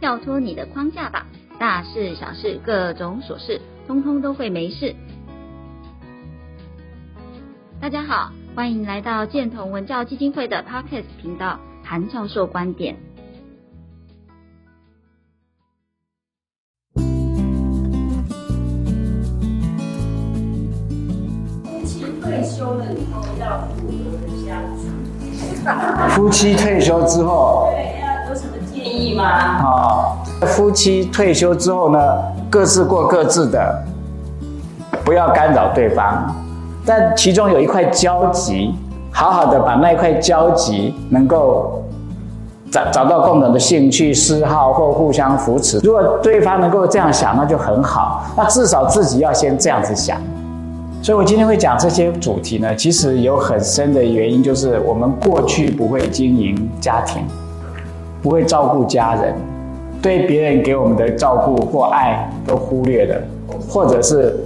跳脫你的框架吧，大事小事各種瑣事，通通都會沒事。大家好，歡迎來到健同文教基金會的 Podcast 頻道，韓教授觀點。夫妻退休了以後要如何相處？夫妻退休之後。啊、哦，夫妻退休之後呢，各自過各自的，不要干擾對方。但其中有一塊交集，好好的把那一塊交集能夠找找到共同的興趣、嗜好，或互相扶持。如果對方能夠這樣想，那就很好。那至少自己要先這樣子想。所以我今天會講這些主題呢，其實有很深的原因，就是我們過去不會經營家庭。不會照顧家人，對別人給我們的照顧或愛都忽略了，或者是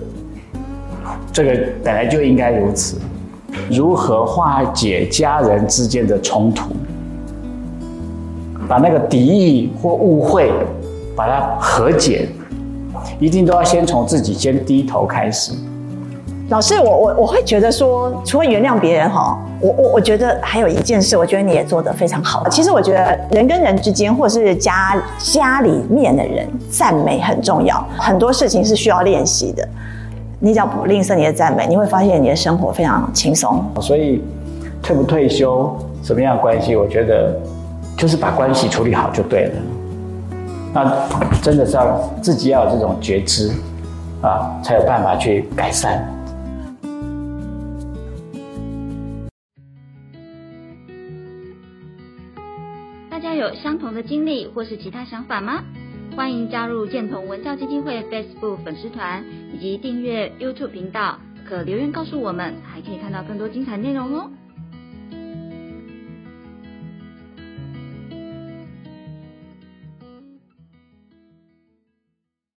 這個本來就應該如此。如何化解家人之間的衝突？把那個敵意或誤會，把它和解，一定都要先從自己先低頭開始。老師，我我我會覺得說，除了原諒別人哈，我我我覺得還有一件事，我覺得你也做得非常好。其實我覺得人跟人之間，或是家家裡面的人，讚美很重要。很多事情是需要練習的，你只要不吝嗇你的讚美，你會發現你的生活非常輕鬆。所以，退不退休，什麼樣的關係，我覺得就是把關係處理好就對了。那真的是要自己要有這種覺知啊，才有辦法去改善。大家有相同的經歷或是其他想法嗎？歡迎加入健同文教基金會 Facebook 粉絲團以及訂閱 YouTube 頻道，可留言告訴我們，還可以看到更多精彩內容哦。